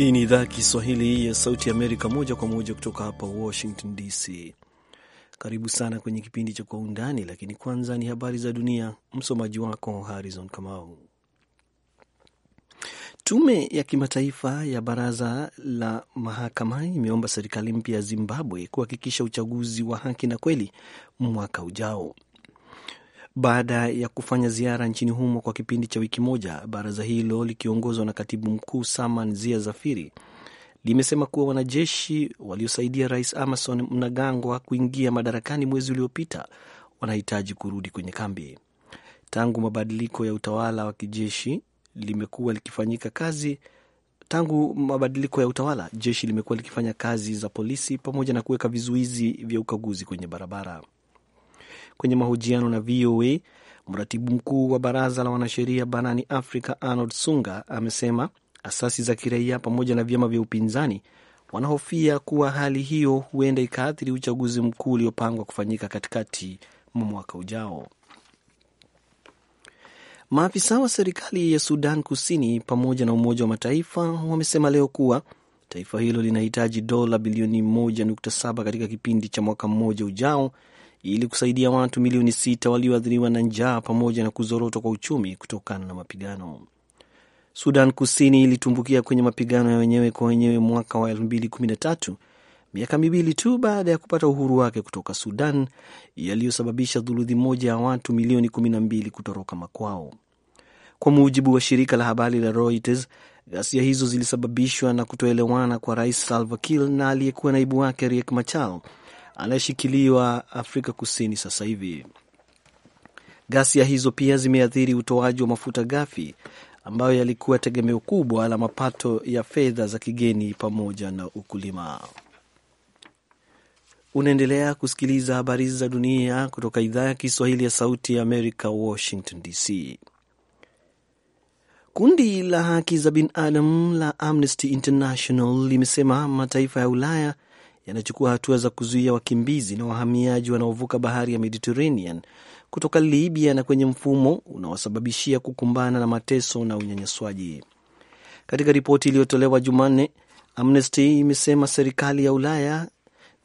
Hii ni idhaa ya Kiswahili ya Sauti ya Amerika, moja kwa moja kutoka hapa Washington DC. Karibu sana kwenye kipindi cha Kwa Undani, lakini kwanza ni habari za dunia. Msomaji wako Harrison Kamau. Tume ya kimataifa ya baraza la mahakama imeomba serikali mpya ya Zimbabwe kuhakikisha uchaguzi wa haki na kweli mwaka ujao baada ya kufanya ziara nchini humo kwa kipindi cha wiki moja. Baraza hilo likiongozwa na katibu mkuu Saman Zia Zafiri limesema kuwa wanajeshi waliosaidia rais Emerson Mnangagwa kuingia madarakani mwezi uliopita wanahitaji kurudi kwenye kambi. Tangu mabadiliko ya utawala wa kijeshi limekuwa likifanyika kazi tangu mabadiliko ya utawala, jeshi limekuwa likifanya kazi za polisi pamoja na kuweka vizuizi vya ukaguzi kwenye barabara. Kwenye mahojiano na VOA, mratibu mkuu wa baraza la wanasheria barani Afrika Arnold Sunga amesema asasi za kiraia pamoja na vyama vya upinzani wanahofia kuwa hali hiyo huenda ikaathiri uchaguzi mkuu uliopangwa kufanyika katikati mwa mwaka ujao. Maafisa wa serikali ya Sudan Kusini pamoja na Umoja wa Mataifa wamesema leo kuwa taifa hilo linahitaji dola bilioni 1.7 katika kipindi cha mwaka mmoja ujao ili kusaidia watu milioni sita walioathiriwa na njaa pamoja na kuzorotwa kwa uchumi kutokana na mapigano. Sudan Kusini ilitumbukia kwenye mapigano ya wenyewe kwa wenyewe mwaka wa 2013 miaka miwili tu baada ya kupata uhuru wake kutoka Sudan, yaliyosababisha thuluthi moja ya watu milioni 12 kutoroka makwao. Kwa mujibu wa shirika la habari la Reuters, ghasia hizo zilisababishwa na kutoelewana kwa Rais Salva Kiir na aliyekuwa naibu wake Riek Machar anayeshikiliwa Afrika Kusini sasa hivi. Ghasia hizo pia zimeathiri utoaji wa mafuta ghafi ambayo yalikuwa tegemeo kubwa la mapato ya fedha za kigeni pamoja na ukulima. Unaendelea kusikiliza habari za dunia kutoka idhaa ya Kiswahili ya Sauti ya Amerika, Washington DC. Kundi la haki za binadamu la Amnesty International limesema mataifa ya Ulaya yanachukua hatua za kuzuia wakimbizi na wahamiaji wanaovuka bahari ya Mediterranean kutoka Libya na kwenye mfumo unaosababishia kukumbana na mateso na unyanyaswaji. Katika ripoti iliyotolewa Jumanne, Amnesty imesema serikali ya Ulaya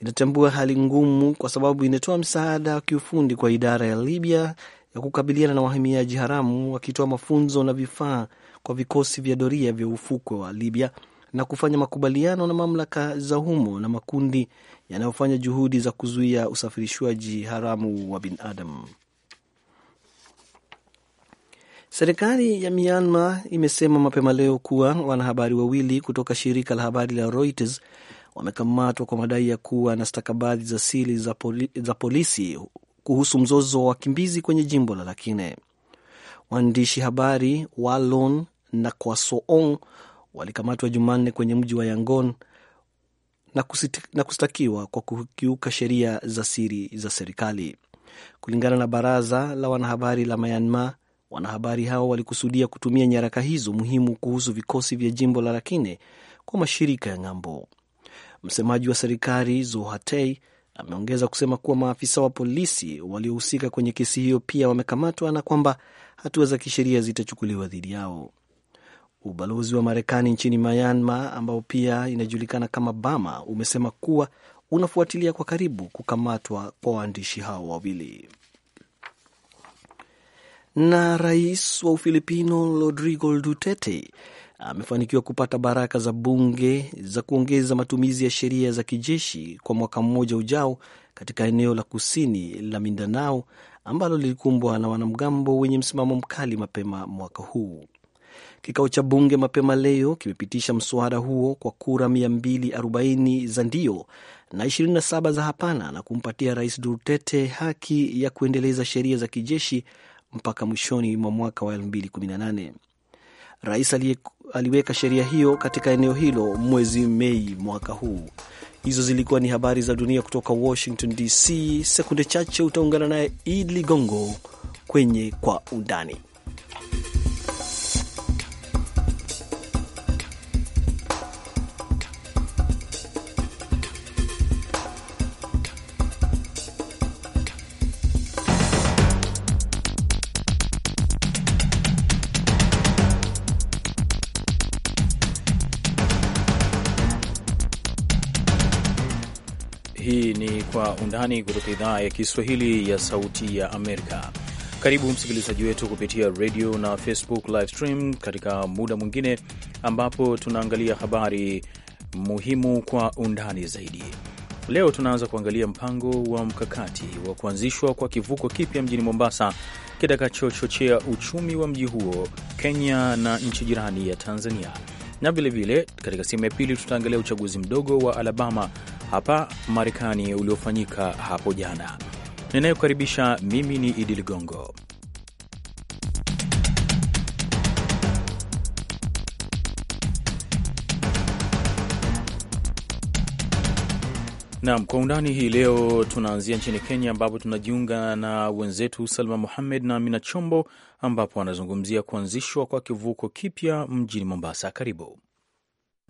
inatambua hali ngumu kwa sababu inatoa msaada wa kiufundi kwa idara ya Libya ya kukabiliana na wahamiaji haramu, wakitoa mafunzo na vifaa kwa vikosi vya doria vya ufukwe wa Libya na kufanya makubaliano na mamlaka za humo na makundi yanayofanya juhudi za kuzuia usafirishwaji haramu wa binadamu. Serikali ya Myanmar imesema mapema leo kuwa wanahabari wawili kutoka shirika la habari la Reuters wamekamatwa kwa madai ya kuwa na stakabadhi za siri za, poli, za polisi kuhusu mzozo wa wakimbizi kwenye jimbo la Rakhine. Waandishi habari Walon na Kwasoong walikamatwa Jumanne kwenye mji wa Yangon na, kusit, na kustakiwa kwa kukiuka sheria za siri za serikali. Kulingana na baraza la wanahabari la Myanmar, wanahabari hao walikusudia kutumia nyaraka hizo muhimu kuhusu vikosi vya jimbo la Rakhine kwa mashirika ya ng'ambo. Msemaji wa serikali Zohatei ameongeza kusema kuwa maafisa wa polisi waliohusika kwenye kesi hiyo pia wamekamatwa na kwamba hatua za kisheria zitachukuliwa dhidi yao. Ubalozi wa Marekani nchini Myanmar, ambao pia inajulikana kama Bama, umesema kuwa unafuatilia kwa karibu kukamatwa kwa waandishi hao wawili. Na rais wa Ufilipino Rodrigo Duterte amefanikiwa kupata baraka za bunge za kuongeza matumizi ya sheria za kijeshi kwa mwaka mmoja ujao katika eneo la kusini la Mindanao ambalo lilikumbwa na wanamgambo wenye msimamo mkali mapema mwaka huu. Kikao cha bunge mapema leo kimepitisha mswada huo kwa kura 240 za ndio na 27 za hapana na kumpatia Rais Duterte haki ya kuendeleza sheria za kijeshi mpaka mwishoni mwa mwaka wa 2018. Rais aliweka sheria hiyo katika eneo hilo mwezi Mei mwaka huu. Hizo zilikuwa ni habari za dunia kutoka Washington DC. Sekunde chache utaungana naye Id Ligongo kwenye Kwa Undani. Marekani kutoka idhaa ya Kiswahili ya Sauti ya Amerika. Karibu msikilizaji wetu kupitia radio na Facebook live stream katika muda mwingine ambapo tunaangalia habari muhimu kwa undani zaidi. Leo tunaanza kuangalia mpango wa mkakati wa kuanzishwa kwa kivuko kipya mjini Mombasa kitakachochochea uchumi wa mji huo, Kenya na nchi jirani ya Tanzania na vilevile katika sehemu ya pili tutaangalia uchaguzi mdogo wa Alabama hapa Marekani uliofanyika hapo jana. Ninayokaribisha mimi ni Idi Ligongo. Naam, kwa undani hii leo tunaanzia nchini Kenya, ambapo tunajiunga na wenzetu Salma Muhammed na Amina Chombo, ambapo anazungumzia kuanzishwa kwa kivuko kipya mjini Mombasa. Karibu.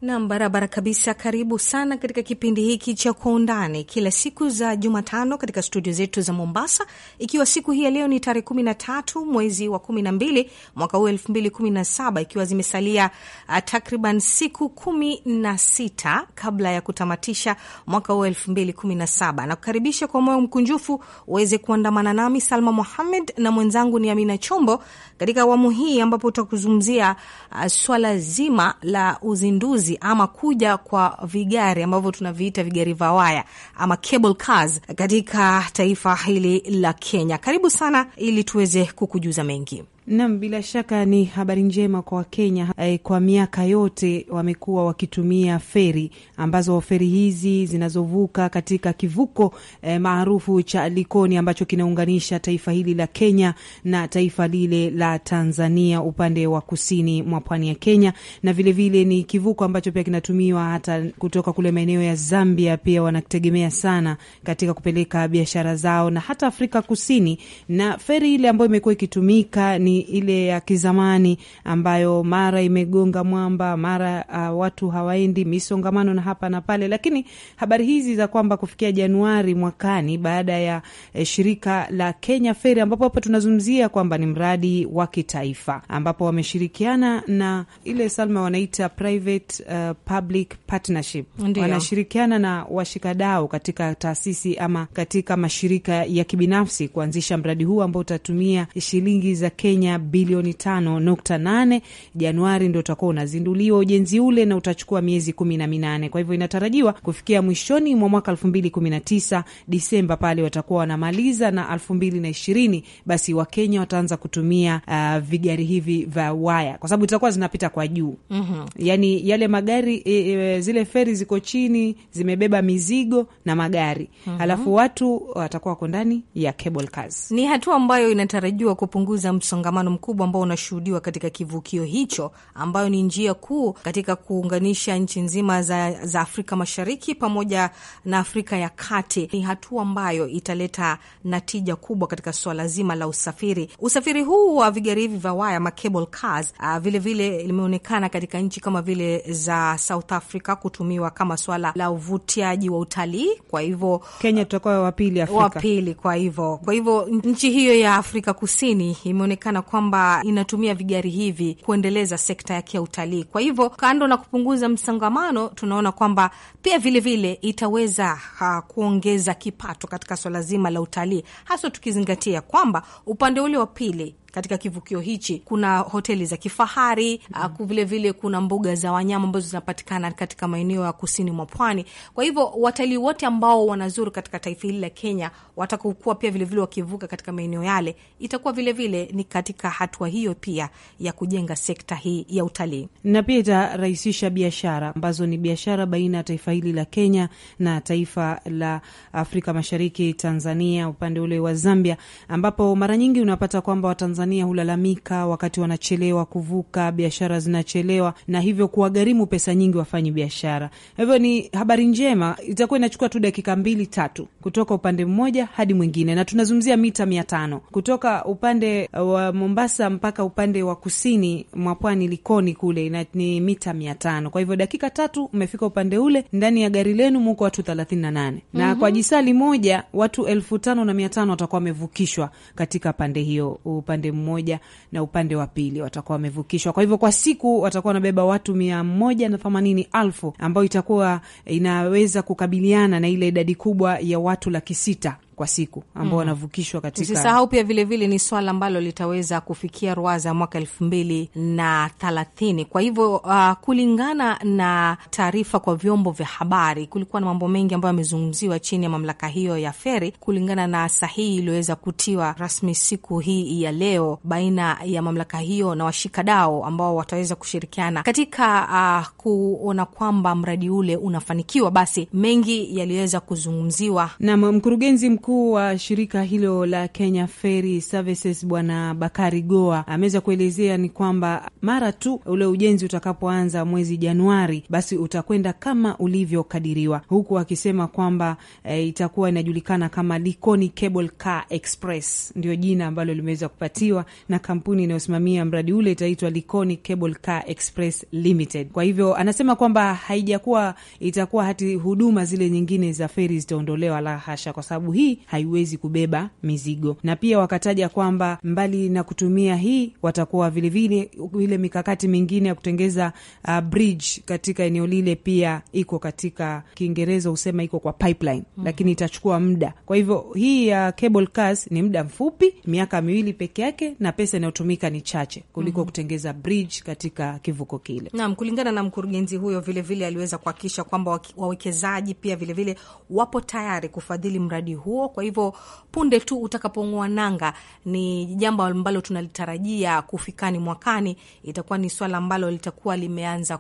Nam, barabara kabisa. Karibu sana katika kipindi hiki cha Kwa Undani kila siku za Jumatano katika studio zetu za Mombasa, ikiwa siku hii ya leo ni tarehe kumi na tatu mwezi wa kumi na mbili mwaka huu elfu mbili kumi na saba ikiwa zimesalia uh, takriban siku kumi na sita kabla ya kutamatisha mwaka huu elfu mbili kumi na saba na kukaribisha kwa moyo mkunjufu uweze kuandamana nami Salma Muhamed na mwenzangu ni Amina Chombo katika awamu hii ambapo utakuzungumzia uh, swala zima la uzinduzi ununuzi ama kuja kwa vigari ambavyo tunaviita vigari vya waya ama cable cars katika taifa hili la Kenya. Karibu sana ili tuweze kukujuza mengi. Nam, bila shaka ni habari njema kwa Wakenya. Eh, kwa miaka yote wamekuwa wakitumia feri ambazo feri hizi zinazovuka katika kivuko e, maarufu cha Likoni ambacho kinaunganisha taifa hili la Kenya na taifa lile la Tanzania upande wa kusini mwa pwani ya Kenya, na vilevile vile ni kivuko ambacho pia kinatumiwa hata kutoka kule maeneo ya Zambia, pia wanategemea sana katika kupeleka biashara zao na hata Afrika Kusini, na feri ile ambayo imekuwa ikitumika ni ile ya kizamani ambayo mara imegonga mwamba, mara uh, watu hawaendi misongamano na hapa na pale, lakini habari hizi za kwamba kufikia Januari mwakani baada ya eh, shirika la Kenya Feri, ambapo hapa tunazungumzia kwamba ni mradi wa kitaifa ambapo wameshirikiana na ile Salma wanaita private uh, public partnership, wanashirikiana na washikadau katika taasisi ama katika mashirika ya kibinafsi kuanzisha mradi huu ambao utatumia shilingi za Kenya Kenya bilioni 5.8. Januari ndio utakuwa unazinduliwa ujenzi ule na utachukua miezi kumi na minane. Kwa hivyo inatarajiwa kufikia mwishoni mwa mwaka 2019 Disemba pale watakuwa wanamaliza, na 2020 basi Wakenya wataanza kutumia uh, vigari hivi vya waya kwa sababu zitakuwa zinapita kwa juu mm -hmm. Yani yale magari e, e, zile feri ziko chini zimebeba mizigo na magari mm -hmm. Alafu watu watakuwa wako ndani ya cable cars. Ni hatua ambayo inatarajiwa kupunguza msongamano msongamano mkubwa ambao unashuhudiwa katika kivukio hicho, ambayo ni njia kuu katika kuunganisha nchi nzima za, za Afrika Mashariki pamoja na Afrika ya Kati. Ni hatua ambayo italeta natija kubwa katika suala zima la usafiri. Usafiri huu wa vigari hivi vya waya ma cable cars vilevile ah, limeonekana katika nchi kama vile za South Africa kutumiwa kama swala la uvutiaji wa utalii. Kwa hivyo Kenya tutakuwa wapili Afrika, wapili. Kwa hivyo kwa hivyo nchi hiyo ya Afrika Kusini imeonekana kwamba inatumia vigari hivi kuendeleza sekta yake ya utalii. Kwa hivyo, kando na kupunguza msangamano, tunaona kwamba pia vilevile vile itaweza ha, kuongeza kipato katika swala zima la utalii, haswa tukizingatia kwamba upande ule wa pili katika kivukio hichi kuna hoteli za kifahari mm. Ah, uh, Vilevile kuna mbuga za wanyama ambazo zinapatikana katika maeneo ya kusini mwa pwani. Kwa hivyo watalii wote ambao wanazuru katika taifa hili la Kenya watakokuwa pia vilevile wakivuka katika maeneo yale, itakuwa vilevile ni katika hatua hiyo pia ya kujenga sekta hii ya utalii, na pia itarahisisha biashara ambazo ni biashara baina ya taifa hili la Kenya na taifa la Afrika Mashariki, Tanzania upande ule wa Zambia, ambapo mara nyingi unapata kwamba Watanzania Tanzania hulalamika wakati wanachelewa kuvuka, biashara zinachelewa na hivyo kuwagharimu pesa nyingi wafanyi biashara. Hivyo ni habari njema, itakuwa inachukua tu dakika mbili tatu kutoka upande mmoja hadi mwingine, na tunazungumzia mita mia tano kutoka upande uh, wa Mombasa mpaka upande wa kusini mwa pwani Likoni kule na ni mita mia tano. Kwa hivyo dakika tatu umefika upande ule, ndani ya gari lenu muko watu thelathini na nane na mm -hmm. kwa jisali moja watu elfu tano na mia tano watakuwa wamevukishwa katika pande hiyo upande mmoja na upande wa pili watakuwa wamevukishwa. Kwa hivyo kwa siku watakuwa wanabeba watu mia moja na themanini elfu ambayo itakuwa inaweza kukabiliana na ile idadi kubwa ya watu laki sita kwa siku ambao mm. wanavukishwa katika. Usisahau pia vilevile ni swala ambalo litaweza kufikia ruaza mwaka elfu mbili na thalathini. Kwa hivyo uh, kulingana na taarifa kwa vyombo vya habari, kulikuwa na mambo mengi ambayo yamezungumziwa chini ya mamlaka hiyo ya feri, kulingana na sahihi iliyoweza kutiwa rasmi siku hii ya leo baina ya mamlaka hiyo na washikadao ambao wataweza kushirikiana katika uh, kuona kwamba mradi ule unafanikiwa. Basi mengi yaliweza kuzungumziwa na mkurugenzi mkuu wa shirika hilo la Kenya Ferry Services Bwana Bakari Goa ameweza kuelezea ni kwamba mara tu ule ujenzi utakapoanza mwezi Januari, basi utakwenda kama ulivyokadiriwa, huku akisema kwamba e, itakuwa inajulikana kama Likoni Cable Car Express, ndio jina ambalo limeweza kupatiwa na kampuni inayosimamia mradi ule, itaitwa Likoni Cable Car Express Limited. Kwa hivyo anasema kwamba haijakuwa itakuwa hati huduma zile nyingine za feri zitaondolewa, la hasha, kwa sababu hii haiwezi kubeba mizigo, na pia wakataja kwamba mbali na kutumia hii watakuwa vilevile ile mikakati mingine ya kutengeza uh, bridge katika eneo lile, pia iko katika Kiingereza husema iko kwa pipeline mm -hmm. Lakini itachukua muda. Kwa hivyo hii ya uh, cable cars ni muda mfupi, miaka miwili peke yake, na pesa inayotumika ni chache kuliko mm -hmm. kutengeza bridge katika kivuko kile. Naam, kulingana na mkurugenzi huyo vilevile vile aliweza kuhakikisha kwamba wawekezaji pia vilevile vile wapo tayari kufadhili mradi huo huo. Kwa hivyo punde tu utakapong'oa nanga, ni jambo ambalo tunalitarajia kufikani mwakani, itakuwa ni swala ambalo litakuwa limeanza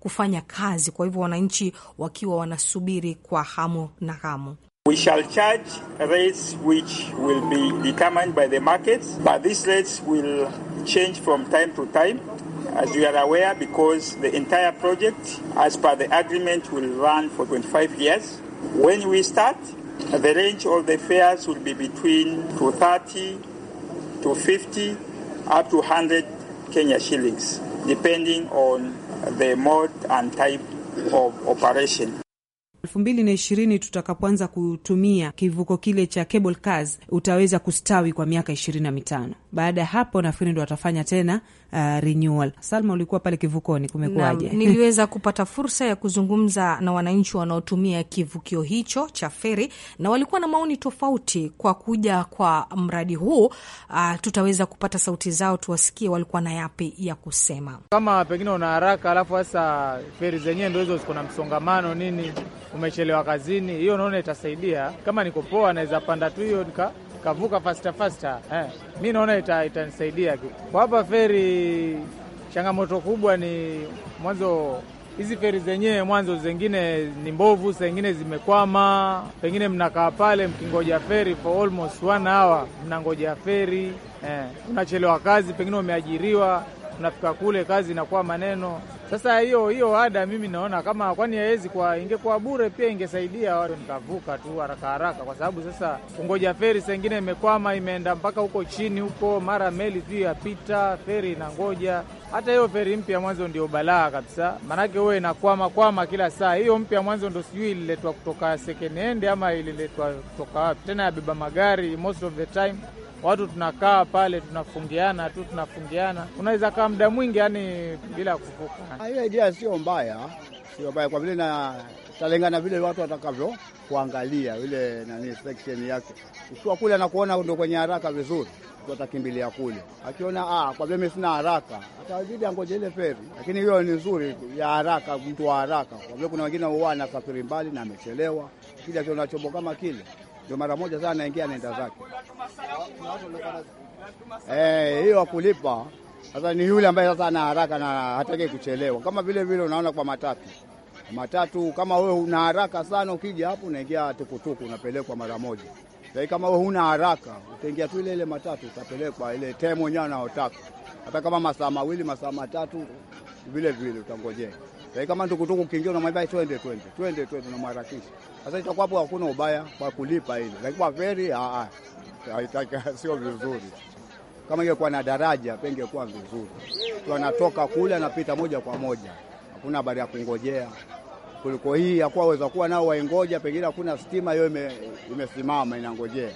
kufanya kazi. Kwa hivyo wananchi wakiwa wanasubiri kwa hamu na hamu. We shall charge rates which will be determined by the markets, but these rates will change from time to time, as you are aware, because the entire project, as per the agreement, will run for 25 years. When we start, The range of the fares will be between 230 to 50 up to 100 Kenya shillings depending on the mode and type of operation. 2020 tutakapoanza kutumia kivuko kile cha cable cars utaweza kustawi kwa miaka 25. Baada ya hapo nafikiri ndo watafanya tena uh, renewal. Salma, ulikuwa pale kivukoni, kumekuwaje? Niliweza kupata fursa ya kuzungumza na wananchi wanaotumia kivukio hicho cha feri, na walikuwa na maoni tofauti kwa kuja kwa mradi huu. Uh, tutaweza kupata sauti zao tuwasikie walikuwa na yapi ya kusema. Kama pengine una haraka, alafu hasa feri zenyewe ndo hizo ziko na msongamano nini, umechelewa kazini, hiyo naona itasaidia. Kama niko poa, naweza panda tu hiyo nika kavuka fasta fasta eh. Mi naona itanisaidia ita kwa hapa feri. Changamoto kubwa ni mwanzo hizi feri zenyewe mwanzo zengine ni mbovu, zengine zimekwama. Pengine mnakaa pale mkingoja feri for almost one hour, mnangoja feri eh. Unachelewa kazi, pengine umeajiriwa, unafika kule kazi inakuwa maneno sasa hiyo hiyo ada mimi naona kama kwani hawezi kwa, ingekuwa bure pia ingesaidia watu nikavuka tu haraka haraka, kwa sababu sasa kungoja feri saa ingine imekwama imeenda mpaka huko chini huko, mara meli sijui yapita, feri inangoja. Hata hiyo feri mpya mwanzo ndio balaa kabisa, maanake huwe inakwama kwama kila saa. Hiyo mpya mwanzo ndo sijui ililetwa kutoka second hand ama ililetwa kutoka wapi tena, yabeba magari most of the time watu tunakaa pale tunafungiana tu tunafungiana, unaweza kaa muda mwingi yani bila kuvuka. Ah, hiyo idea sio mbaya, sio mbaya kwa vile na vile watu watakavyo kuangalia ile nani section yake, ukiwa kule na kuona ndo kwenye haraka vizuri atakimbilia kule akiona, ah, kwa vile sina haraka, atabidi angoje ile feri. Lakini hiyo ni nzuri ya haraka, mtu wa haraka, kwa vile kuna wengine huwa anasafiri mbali na amechelewa, kija akiona chombo kama kile ndio mara moja sana anaingia anaenda zake. Eh, hiyo akulipa sasa ni yule ambaye sasa ana haraka na hataki kuchelewa, kama vile vile unaona kwa matatu matatu. Kama wewe una haraka sana, ukija hapo unaingia tukutuku, unapelekwa mara moja. Lakini kama wewe una haraka, utaingia tu ile ile matatu, utapelekwa ile time mwenyewe unaotaka, hata kama masaa mawili masaa matatu vile vile utangojea. Lakini kama tukutuku ukiingia, unamwambia twende twende twende twende, unamharakisha sasa itakuwa hapo, hakuna ubaya kwa kulipa ah, ah, hili, lakini kwa feri sio vizuri. Kama ingekuwa na daraja pengekuwa vizuri, anatoka kule anapita moja kwa moja, hakuna habari ya kungojea kuliko hii. Hakuwaweza kuwa nao waingoja, pengine hakuna stima, hiyo imesimama inangojea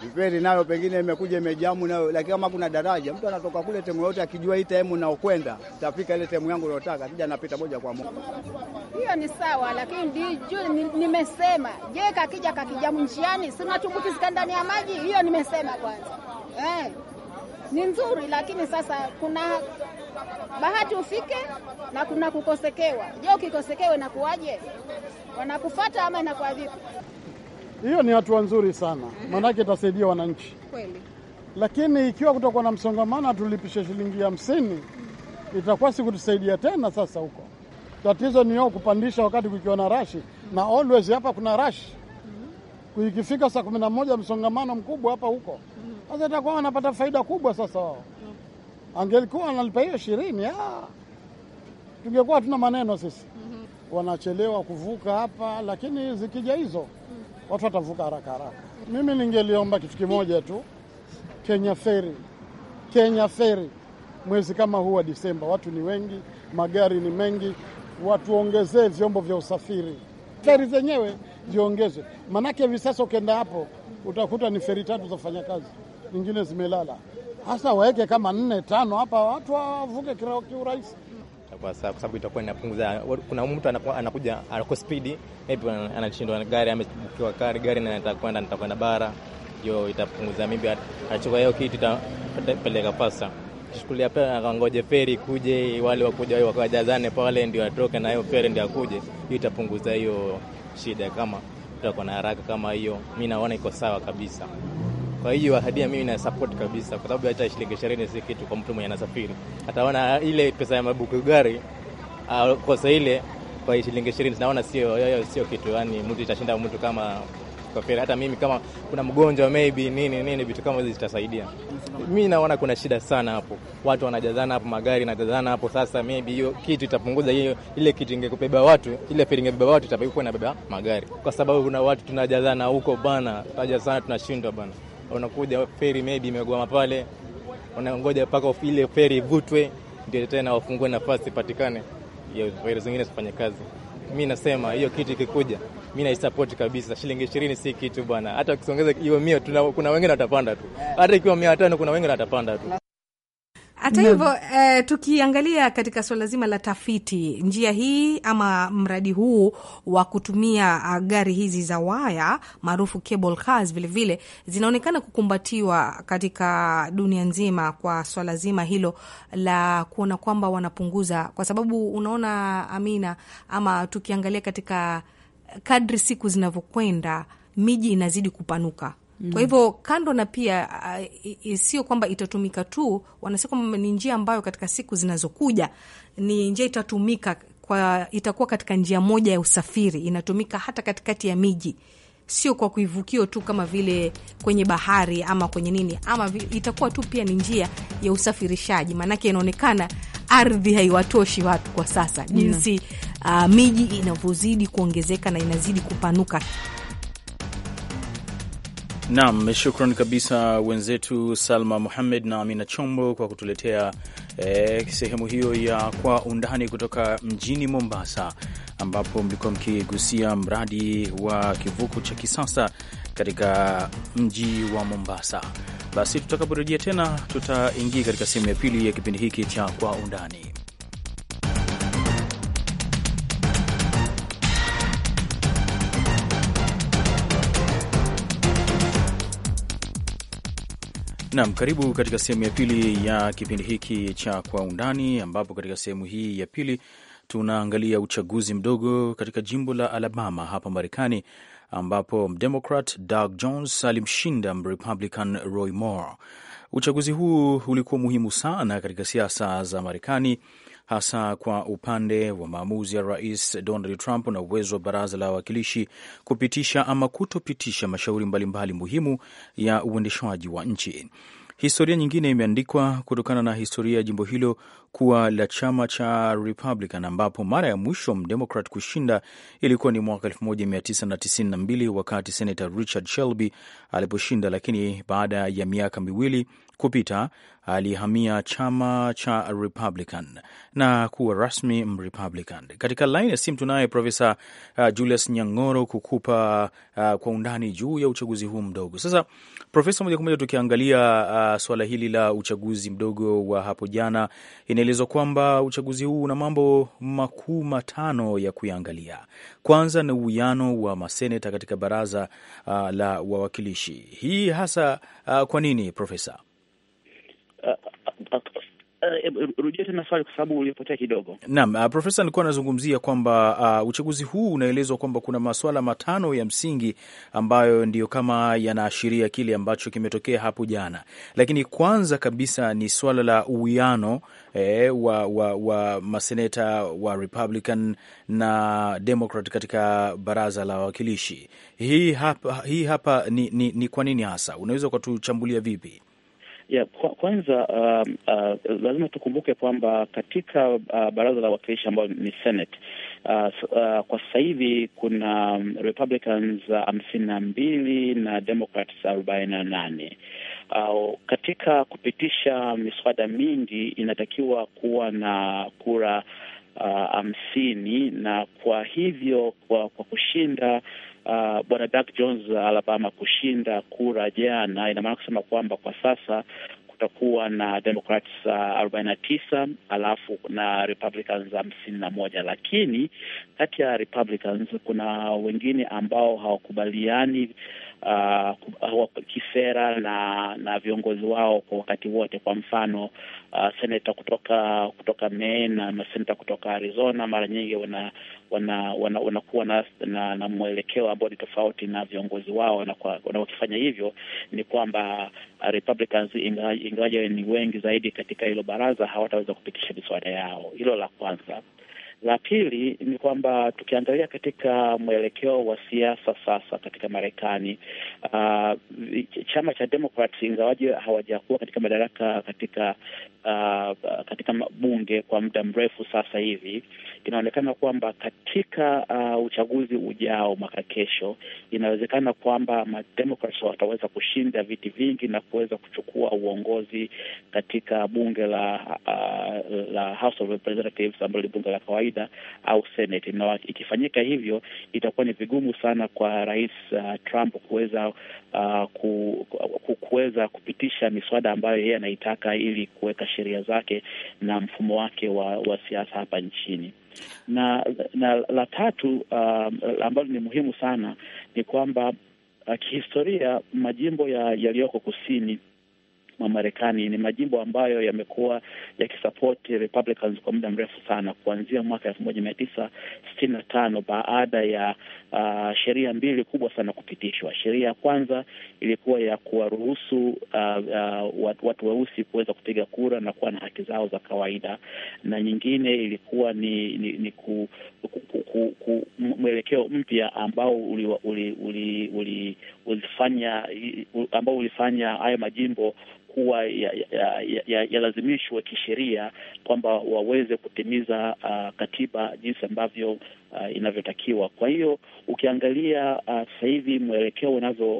viperi nayo pengine imekuja imejamu nayo, lakini kama kuna daraja, mtu anatoka kule temu yote akijua hii temu naokwenda tafika ile temu yangu nayotaka, kija napita moja kwa moja. Hiyo ni sawa, lakini nimesema, je, kakija kakijamu njiani, si natumbukizika ndani ya maji? Hiyo nimesema kwanza, eh, ni nzuri, lakini sasa kuna bahati ufike na kuna kukosekewa. Je, ukikosekewa inakuwaje? Wanakufata ama inakuwa vipi? hiyo ni hatua nzuri sana, maanake itasaidia wananchi kweli. Lakini ikiwa kutakuwa na msongamano, tulipishe shilingi hamsini, mm. itakuwa sikutusaidia tena. Sasa huko tatizo ni yao kupandisha wakati kukiwa na rashi, na always hapa kuna rashi mm-hmm. ikifika saa kumi na moja msongamano mkubwa hapa huko. Mm-hmm. Sasa itakuwa wanapata faida kubwa. Sasa wao mm-hmm. angelikuwa wanalipa hiyo ishirini, ah, tungekuwa hatuna maneno sisi. Wanachelewa kuvuka hapa, lakini zikija hizo mm watu watavuka haraka haraka. Mimi ningeliomba kitu kimoja tu, Kenya feri Kenya feri Mwezi kama huu wa Disemba watu ni wengi, magari ni mengi, watuongezee vyombo vya usafiri, feri zenyewe ziongezwe, maanake hivi sasa ukienda hapo utakuta ni feri tatu za fanya kazi, nyingine zimelala. Hasa waweke kama nne tano hapa, watu wavuke kiurahisi kwa sababu itakuwa inapunguza. Kuna mtu anakuja anako spidi, maybe anashindwa gari, amekiwa gari gari na nitakwenda nitakwenda bara, hiyo itapunguza, mimi atachukua hiyo kitu itapeleka pasa shukulia pale akangoje feri kuje, wale wakuja wao wakajazane pale, ndio atoke na hiyo feri ndio akuje. Hiyo itapunguza hiyo shida, kama tutakuwa na haraka kama hiyo. Mimi naona iko sawa kabisa. Kwa hiyo hadia mimi na support kabisa, kwa sababu hata shilingi ishirini si kitu kwa mtu mwenye anasafiri. Ataona ile pesa ya mabuku gari ah, kosa ile kwa shilingi ishirini naona sio hiyo, sio kitu yani mtu itashinda mtu kama kwa feri. Hata mimi kama kuna mgonjwa maybe nini nini, vitu kama hizi zitasaidia. Mimi naona kuna shida sana hapo, watu wanajazana hapo, magari yanajazana hapo. Sasa maybe hiyo kitu itapunguza hiyo, ile kitu ingekubeba watu, ile feri ingebeba watu, itabaki kuwa inabeba magari, kwa sababu kuna watu tunajazana huko bana, tunajazana tunashindwa bana unakuja feri maybe imegoma pale, unangoja mpaka ile feri ivutwe ndio tena wafungue nafasi patikane ya feri zingine zifanye kazi. Mi nasema hiyo kitu ikikuja, mi naisapoti kabisa. Shilingi ishirini si kitu bwana, hata ukisongeza hiyo mia, kuna wengine watapanda tu, hata ikiwa mia tano kuna wengine watapanda tu. Hata hivyo eh, tukiangalia katika suala zima la tafiti, njia hii ama mradi huu wa kutumia uh, gari hizi za waya maarufu cable cars vile zinaonekana kukumbatiwa katika dunia nzima kwa swala zima hilo la kuona kwamba wanapunguza, kwa sababu unaona Amina, ama tukiangalia katika kadri siku zinavyokwenda miji inazidi kupanuka kwa hivyo kando na pia uh, sio kwamba itatumika tu, wanasema kwamba ni njia ambayo katika siku zinazokuja ni njia itatumika kwa, itakuwa katika njia moja ya usafiri, inatumika hata katikati ya miji, sio kwa kuivukio tu kama vile kwenye bahari ama kwenye nini ama vile, itakuwa tu pia ni njia ya usafirishaji, maanake inaonekana ardhi haiwatoshi watu kwa sasa mm. jinsi mm. uh, miji inavyozidi kuongezeka na inazidi kupanuka. Naam, shukran kabisa wenzetu Salma Muhammed na Amina Chombo kwa kutuletea eh, sehemu hiyo ya Kwa Undani kutoka mjini Mombasa, ambapo mlikuwa mkigusia mradi wa kivuko cha kisasa katika mji wa Mombasa. Basi tutakaporejea tena, tutaingia katika sehemu ya pili ya kipindi hiki cha Kwa Undani. Naam, karibu katika sehemu ya pili ya kipindi hiki cha Kwa Undani, ambapo katika sehemu hii ya pili tunaangalia uchaguzi mdogo katika jimbo la Alabama hapa Marekani, ambapo Mdemokrat Doug Jones alimshinda Mrepublican Roy Moore. Uchaguzi huu ulikuwa muhimu sana katika siasa za Marekani hasa kwa upande wa maamuzi ya Rais Donald Trump na uwezo wa baraza la wawakilishi kupitisha ama kutopitisha mashauri mbalimbali muhimu ya uendeshwaji wa nchi. Historia nyingine imeandikwa kutokana na historia ya jimbo hilo kuwa la chama cha Republican, ambapo mara ya mwisho mdemokrat kushinda ilikuwa ni mwaka 1992 wakati Senator Richard Shelby aliposhinda, lakini baada ya miaka miwili kupita alihamia chama cha Republican na kuwa rasmi Mrepublican. Katika laini ya simu tunaye Profesa uh, Julius Nyang'oro kukupa uh, kwa undani juu ya uchaguzi huu mdogo. Sasa Profesa, moja kwa moja tukiangalia uh, suala hili la uchaguzi mdogo wa hapo jana ina inaelezwa kwamba uchaguzi huu una mambo makuu matano ya kuyaangalia. Kwanza ni uwiano wa maseneta katika baraza uh, la wawakilishi. Hii hasa uh, kwa nini profesa? uh, uh, uh tena swali kwa sababu ulipotea kidogo. Naam, uh, profesa, nilikuwa nazungumzia kwamba uh, uchaguzi huu unaelezwa kwamba kuna masuala matano ya msingi ambayo ndiyo kama yanaashiria kile ambacho kimetokea hapo jana, lakini kwanza kabisa ni swala la uwiano eh, wa, wa, wa maseneta wa Republican na Democrat katika baraza la wawakilishi. Hii hapa, hii hapa ni, ni, ni kwa nini hasa? Unaweza ukatuchambulia vipi? Yeah, kwanza uh, uh, lazima tukumbuke kwamba katika uh, baraza la wawakilishi ambayo ni Senate uh, uh, kwa sasa hivi kuna um, Republicans uh, hamsini uh, na mbili na Democrats arobaini na nane uh, katika kupitisha miswada mingi inatakiwa kuwa na kura hamsini uh, na kwa hivyo kwa, kwa kushinda uh, bwana Doug Jones Alabama kushinda kura jana, ina maana kusema kwamba kwa sasa kutakuwa na Democrats uh, arobaini na tisa alafu na Republicans hamsini na moja lakini kati ya Republicans kuna wengine ambao hawakubaliani uh, uh, kisera na na viongozi wao kwa wakati wote. Kwa mfano uh, seneta kutoka kutoka Maine na maseneta kutoka Arizona mara nyingi wana wana wanakuwa na, na, na mwelekeo ambao ni tofauti na viongozi wao, na wakifanya hivyo ni kwamba Uh, Republicans ingawaje ni wengi zaidi katika hilo baraza hawataweza kupitisha miswada yao. Hilo la kwanza. La pili ni kwamba tukiangalia katika mwelekeo wa siasa sasa katika Marekani, uh, chama cha Demokrat ingawaje hawajakuwa katika madaraka katika uh, katika bunge kwa muda mrefu sasa hivi, inaonekana kwamba katika uh, uchaguzi ujao mwaka kesho, inawezekana kwamba mademokrat wataweza kushinda viti vingi na kuweza kuchukua uongozi katika bunge la uh, la House of Representatives ambalo ni bunge la kawaida Aidha au Senate, na ikifanyika hivyo itakuwa ni vigumu sana kwa Rais uh, Trump kuweza uh, ku, kuweza kupitisha miswada ambayo yeye anaitaka ili kuweka sheria zake na mfumo wake wa, wa siasa hapa nchini na na la tatu uh, ambalo ni muhimu sana ni kwamba uh, kihistoria majimbo yaliyoko ya kusini mwa Marekani ni majimbo ambayo yamekuwa yakisapoti Republicans kwa muda mrefu sana, kuanzia mwaka elfu moja mia tisa sitini na tano baada ya uh, sheria mbili kubwa sana kupitishwa. Sheria ya kwanza ilikuwa ya kuwaruhusu uh, uh, watu weusi kuweza kupiga kura na kuwa na haki zao za kawaida, na nyingine ilikuwa ni, ni, ni ku, ku, ku, ku, ku, mwelekeo mpya ambao ulifanya uli, uli, uli, uli, ambao ulifanya haya majimbo kuwa yalazimishwe ya, ya, ya kisheria kwamba waweze kutimiza uh, katiba jinsi ambavyo uh, inavyotakiwa. Kwa hiyo ukiangalia uh, sasa hivi mwelekeo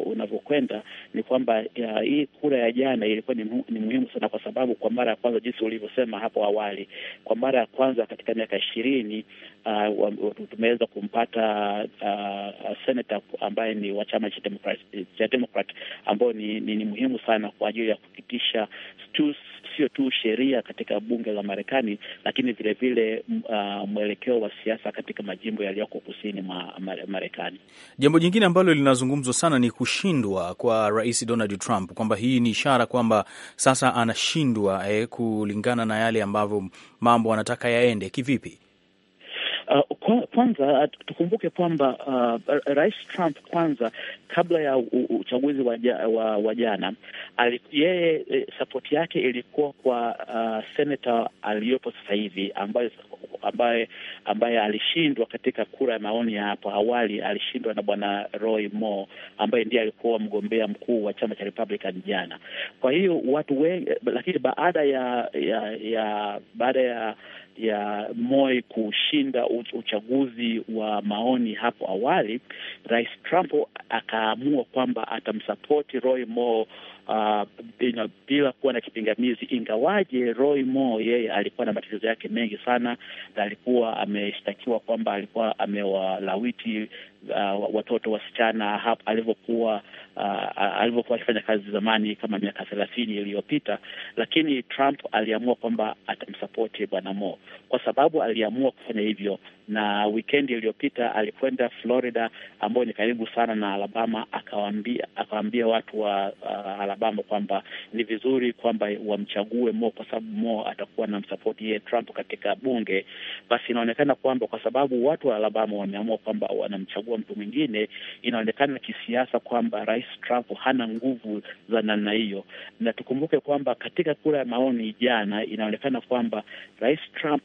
unavyokwenda ni kwamba uh, hii kura ya jana ilikuwa ni, mu, ni muhimu sana, kwa sababu kwa mara ya kwanza, jinsi ulivyosema hapo awali, kwa mara ya kwanza katika miaka ishirini uh, tumeweza kumpata uh, uh senata ambaye ni wa chama cha Demokrat ambayo ni, ni, ni muhimu sana kwa ajili ya kupitisha sio tu sheria katika bunge la Marekani, lakini vilevile uh, mwelekeo wa siasa katika maji majimbo yaliyoko kusini mwa Marekani. Jambo jingine ambalo linazungumzwa sana ni kushindwa kwa Rais Donald Trump, kwamba hii ni ishara kwamba sasa anashindwa eh, kulingana na yale ambavyo mambo anataka yaende kivipi. Uh, kwanza tukumbuke kwamba uh, Rais Trump kwanza kabla ya uchaguzi wa, wa, jana yeye e, sapoti yake ilikuwa kwa uh, senata aliyopo sasa hivi ambaye ambaye ambaye alishindwa katika kura ya maoni ya hapo awali, alishindwa na bwana Roy Moore ambaye ndiye alikuwa mgombea mkuu wa chama cha Republican jana. Kwa hiyo watu wengi, lakini baada ya ya, ya baada ya ya Moi kushinda uchaguzi wa maoni hapo awali, Rais Trump akaamua kwamba atamsapoti Roy Moore Uh, bila, kuwa na kipingamizi, ingawaje Roy Moore yeye alikuwa na matatizo yake mengi sana, na alikuwa ameshtakiwa kwamba alikuwa amewalawiti uh, watoto wasichana hapa alivyokuwa uh, alivyokuwa akifanya kazi zamani kama miaka thelathini iliyopita, lakini Trump aliamua kwamba atamsapoti bwana Mo kwa sababu aliamua kufanya hivyo, na wikendi iliyopita alikwenda Florida ambayo ni karibu sana na Alabama, akawaambia akawaambia watu wa uh, Alabama kwamba ni vizuri kwamba wamchague Mo kwa sababu Mo atakuwa na msapoti yeye Trump katika bunge. Basi inaonekana kwamba kwa sababu watu wa Alabama wameamua kwamba wanamchagua wa mtu mwingine, inaonekana kisiasa kwamba Rais Trump hana nguvu za namna hiyo, na tukumbuke kwamba katika kura ya maoni jana inaonekana kwamba Rais Trump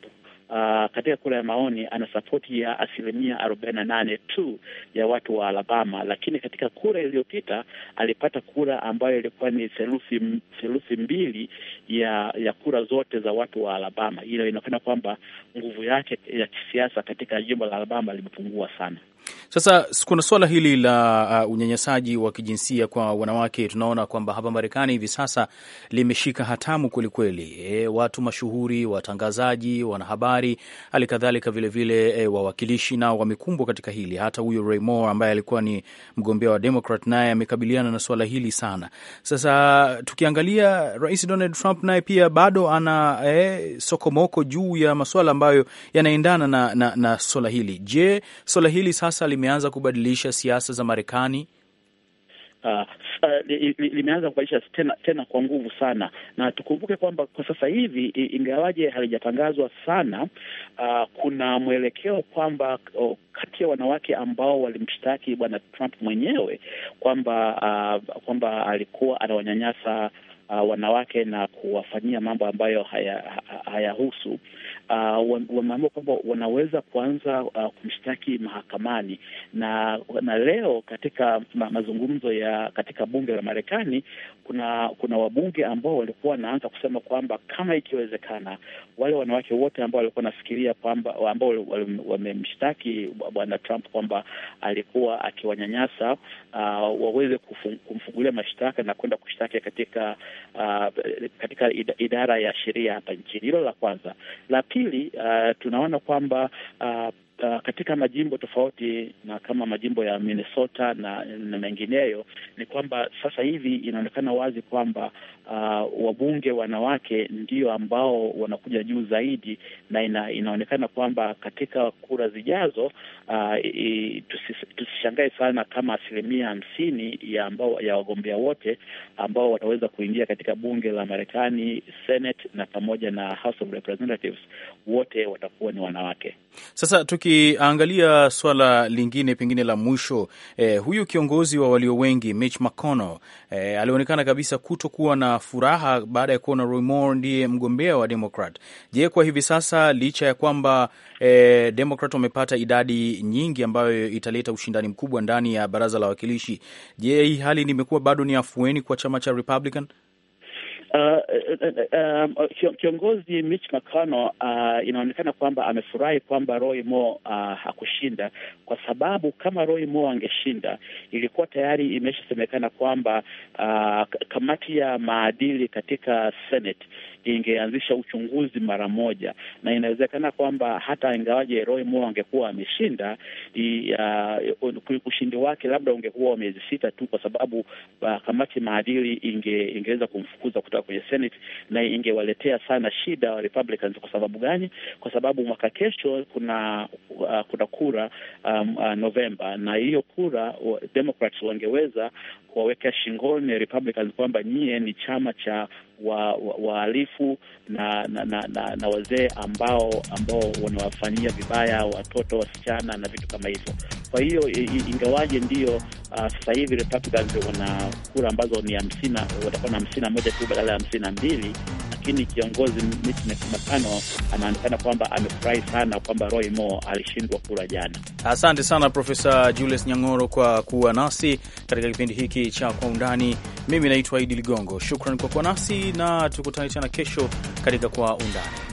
Uh, katika kura ya maoni ana sapoti ya asilimia arobaini na nane tu ya watu wa Alabama, lakini katika kura iliyopita alipata kura ambayo ilikuwa ni theluthi theluthi mbili ya ya kura zote za watu wa Alabama. Hilo inaonekana kwamba nguvu yake ya kisiasa katika jimbo la Alabama limepungua sana. Sasa kuna suala hili la uh, unyanyasaji wa kijinsia kwa wanawake. Tunaona kwamba hapa Marekani hivi sasa limeshika hatamu kwelikweli. E, watu mashuhuri, watangazaji, wanahabari, hali kadhalika vilevile e, wawakilishi nao wamekumbwa katika hili. Hata huyu Ray Moore ambaye alikuwa ni mgombea wa naye amekabiliana na suala hili sana. Sasa tukiangalia Rais Donald Trump naye pia bado ana e, sokomoko juu ya masuala ambayo yanaendana na, na, na swala hili. Je, swala hili sasa sasa limeanza kubadilisha siasa za Marekani? Uh, uh, li, li, limeanza kubadilisha tena, tena kwa nguvu sana, na tukumbuke kwamba kwa sasa hivi ingawaje halijatangazwa sana uh, kuna mwelekeo kwamba oh, kati ya wanawake ambao walimshtaki bwana Trump mwenyewe kwamba uh, kwamba alikuwa anawanyanyasa uh, wanawake na kuwafanyia mambo ambayo hayahusu haya, uh, wameamua kwamba wanaweza kuanza uh, kumshtaki mahakamani na, na leo katika ma, mazungumzo ya katika bunge la Marekani kuna kuna wabunge ambao walikuwa wanaanza kusema kwamba kama ikiwezekana wale wanawake wote ambao walikuwa wanafikiria kwamba ambao wamemshtaki bwana Trump kwamba alikuwa akiwanyanyasa uh, waweze kumfungulia mashtaka na kwenda kushtaki katika uh, katika idara ya sheria hapa nchini. Hilo la kwanza. La pili, uh, tunaona kwamba uh, uh, katika majimbo tofauti na kama majimbo ya Minnesota na, na mengineyo ni kwamba sasa hivi inaonekana wazi kwamba uh, wabunge wanawake ndio ambao wanakuja juu zaidi, na ina, inaonekana kwamba katika kura zijazo uh, tusis, tusishangae sana kama asilimia hamsini ya ambao ya wagombea wote ambao wataweza kuingia katika bunge la Marekani, Senate na pamoja na House of Representatives wote watakuwa ni wanawake. Sasa tuki tukiangalia swala lingine pengine la mwisho eh, huyu kiongozi wa walio wengi Mitch McConnell eh, alionekana kabisa kutokuwa na furaha baada ya kuona Roy Moore ndiye mgombea wa demokrat Je, kwa hivi sasa licha ya kwamba eh, Demokrat wamepata idadi nyingi ambayo italeta ushindani mkubwa ndani ya baraza la wawakilishi, je, hii hali nimekuwa bado ni afueni kwa chama cha Republican? Uh, uh, uh, uh, um, uh, kiongozi Mitch McConnell uh, inaonekana kwamba amefurahi kwamba Roy Moore uh, hakushinda, kwa sababu kama Roy Moore angeshinda, ilikuwa tayari imeshasemekana kwamba uh, kamati ya maadili katika Senate ingeanzisha uchunguzi mara moja, na inawezekana kwamba hata ingawaje Roy Moore angekuwa ameshinda, ushindi wake labda ungekuwa miezi sita tu, kwa sababu uh, kamati maadili inge, ingeweza kumfukuza kutoka kwenye Senate na ingewaletea sana shida wa Republicans. Kwa sababu gani? Kwa sababu mwaka kesho kuna uh, kuna kura um, uh, Novemba, na hiyo kura Democrats wangeweza kuwaweka shingoni Republicans kwamba nyie ni chama cha wahalifu wa, wa na, na, na, na, na wazee ambao ambao wanawafanyia vibaya watoto, wasichana na vitu kama hivyo. Kwa hiyo ingawaje ndiyo uh, sasa hivi Republicans wana kura ambazo ni hamsini, watakuwa na hamsini na moja tu badala ya hamsini na mbili lakini kiongozi Mitch McConnell anaonekana kwamba amefurahi sana kwamba Roy Moore alishindwa kura jana. Asante sana Profesa Julius Nyang'oro kwa kuwa nasi katika kipindi hiki cha Kwa Undani. Mimi naitwa Idi Ligongo, shukran kwa kuwa nasi na tukutane tena kesho katika Kwa Undani.